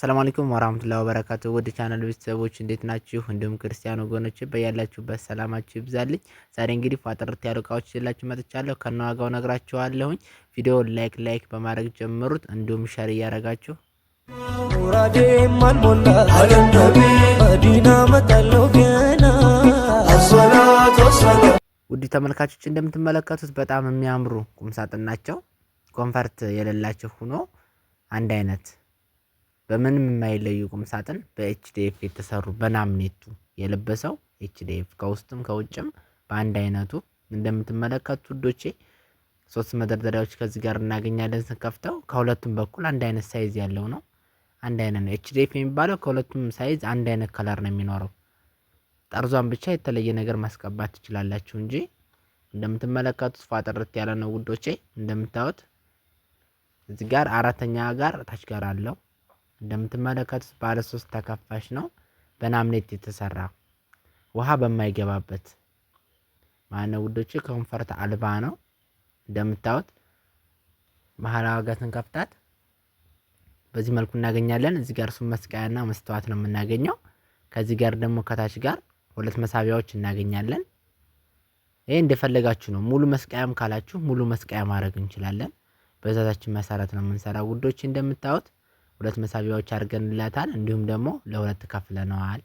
ሰላም አለይኩም ወራህመቱላሂ ወበረካቱ ወደ ቻናል ቤተሰቦች እንዴት ናችሁ? እንዲሁም ክርስቲያን ወገኖች በያላችሁበት ሰላማችሁ ይብዛልኝ። ዛሬ እንግዲህ ፏጥርት ያሉ እቃዎች ይዤላችሁ መጥቻለሁ። ከነዋጋው ነግራችኋለሁኝ። ቪዲዮ ላይክ ላይክ በማድረግ ጀምሩት፣ እንዲሁም ሸር እያደረጋችሁ ውድ ተመልካቾች እንደምትመለከቱት በጣም የሚያምሩ ቁምሳጥን ናቸው። ኮንፈርት የሌላቸው ሁኖ አንድ አይነት በምንም የማይለዩ ቁም ሳጥን በኤችዲኤፍ የተሰሩ በላምኔቱ የለበሰው ኤችዲኤፍ ከውስጥም ከውጭም በአንድ አይነቱ እንደምትመለከቱት ውዶቼ ሶስት መደርደሪያዎች ከዚህ ጋር እናገኛለን። ስንከፍተው ከሁለቱም በኩል አንድ አይነት ሳይዝ ያለው ነው። አንድ አይነት ነው። ኤችዲኤፍ የሚባለው ከሁለቱም ሳይዝ አንድ አይነት ከለር ነው የሚኖረው። ጠርዟን ብቻ የተለየ ነገር ማስቀባት ትችላላችሁ እንጂ እንደምትመለከቱት ፏጥርት ያለ ነው ውዶቼ። እንደምታዩት እዚህ ጋር አራተኛ ጋር ታች ጋር አለው እንደምትመለከቱት ባለ ሶስት ተከፋሽ ነው። በናምኔት የተሰራ ውሃ በማይገባበት ማነው ውዶች፣ ኮንፈርት አልባ ነው። እንደምታዩት ባህላ ዋጋትን ከፍታት በዚህ መልኩ እናገኛለን። እዚህ ጋር እሱም መስቀያና መስተዋት ነው የምናገኘው። ከዚህ ጋር ደግሞ ከታች ጋር ሁለት መሳቢያዎች እናገኛለን። ይህ እንደፈለጋችሁ ነው። ሙሉ መስቀያም ካላችሁ ሙሉ መስቀያ ማድረግ እንችላለን። በዛታችን መሰረት ነው የምንሰራ ውዶች እንደምታዩት ሁለት መሳቢያዎች አድርገንላታል እንዲሁም ደግሞ ለሁለት ከፍለነዋል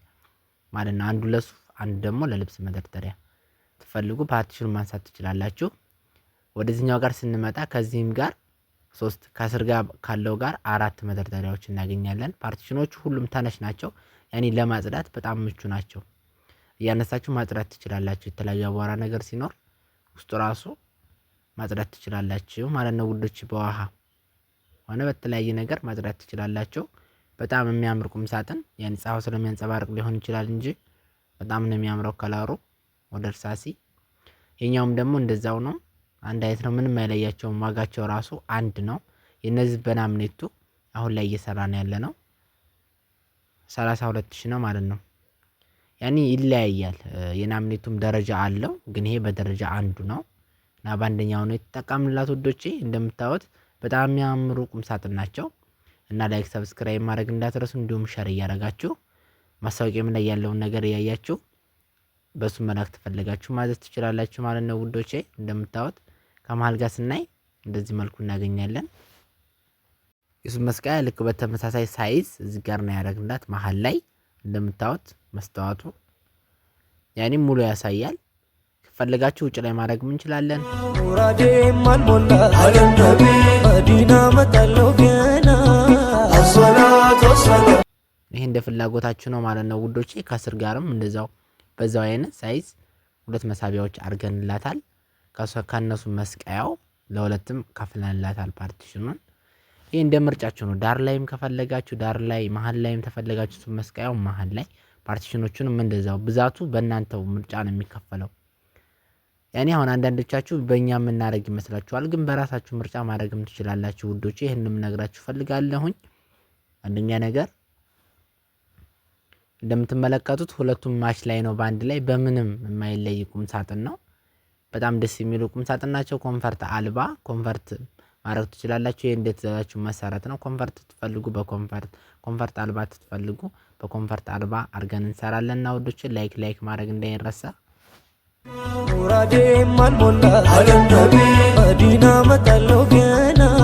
ማለት ነው። አንዱ ለሱፍ አንዱ ደግሞ ለልብስ መደርደሪያ ትፈልጉ ፓርቲሽኑን ማንሳት ትችላላችሁ። ወደዚህኛው ጋር ስንመጣ ከዚህም ጋር ሶስት ከስር ጋር ካለው ጋር አራት መደርደሪያዎች እናገኛለን። ፓርቲሽኖቹ ሁሉም ተነሽ ናቸው። ያኔ ለማጽዳት በጣም ምቹ ናቸው። እያነሳችሁ ማጽዳት ትችላላችሁ። የተለያዩ አቧራ ነገር ሲኖር ውስጡ ራሱ ማጽዳት ትችላላችሁ ማለት ነው ውዶች በውሃ ሆነ በተለያየ ነገር ማጽዳት ትችላላችሁ። በጣም የሚያምር ቁም ሳጥን ያን ፀሐዩ ስለሚያንፀባርቅ ሊሆን ይችላል እንጂ በጣም ነው የሚያምረው ከለሩ ወደ እርሳሲ። የኛውም ደግሞ እንደዛው ነው፣ አንድ አይነት ነው፣ ምንም አይለያቸውም። ዋጋቸው ራሱ አንድ ነው። የነዚህ በናምኔቱ አሁን ላይ ነው ያለ ነው ሰላሳ ሁለት ነው ማለት ነው። ያኔ ይለያያል። የናምኔቱም ደረጃ አለው፣ ግን ይሄ በደረጃ አንዱ ነው እና በአንደኛው ነው የተጠቃምላት ውዶቼ እንደምታዩት በጣም የሚያምሩ ቁም ሳጥን ናቸው። እና ላይክ ሰብስክራይብ ማድረግ እንዳትረሱ፣ እንዲሁም ሸር እያደረጋችሁ ማስታወቂያም ላይ ያለውን ነገር እያያችሁ በሱ መላክ ትፈልጋችሁ ማዘዝ ትችላላችሁ ማለት ነው ውዶቼ። እንደምታዩት ከመሀል ጋር ስናይ እንደዚህ መልኩ እናገኛለን። የሱን መስቀያ ልክ በተመሳሳይ ሳይዝ እዚህ ጋር ነው ያደረግንላት መሀል ላይ እንደምታዩት መስተዋቱ ያኔ ሙሉ ያሳያል። ፈልጋችሁ ውጭ ላይ ማድረግ እንችላለን። ይህ እንደ ፍላጎታችሁ ነው ማለት ነው ውዶቼ። ከስር ጋርም እንደዛው በዛው አይነት ሳይዝ ሁለት መሳቢያዎች አድርገንላታል። ከእነሱ መስቀያው ለሁለትም ከፍለንላታል ፓርቲሽኑን። ይህ እንደ ምርጫችሁ ነው። ዳር ላይም ከፈለጋችሁ ዳር ላይ፣ መሀል ላይም ተፈለጋችሁ መስቀያው መሀል ላይ ፓርቲሽኖቹንም እንደዛው ብዛቱ በእናንተው ምርጫ ነው የሚከፈለው። ያኔ አሁን አንዳንዶቻችሁ በእኛ የምናደረግ ይመስላችኋል ግን በራሳችሁ ምርጫ ማድረግም ትችላላችሁ ውዶች ይህንንም ነግራችሁ ፈልጋለሁኝ አንደኛ ነገር እንደምትመለከቱት ሁለቱም ማች ላይ ነው በአንድ ላይ በምንም የማይለይ ቁም ሳጥን ነው። በጣም ደስ የሚሉ ቁም ሳጥን ናቸው። ኮንፈርት አልባ ኮንፈርት ማድረግ ትችላላችሁ። ይህ እንደትዛዛችሁ መሰረት ነው። ኮንፈርት ትፈልጉ በኮንፈርት ኮንፈርት አልባ ትትፈልጉ በኮንፈርት አልባ አድርገን እንሰራለን ና ውዶችን ላይክ ላይክ ማድረግ እንዳይረሳ መዲና መጣለው ገና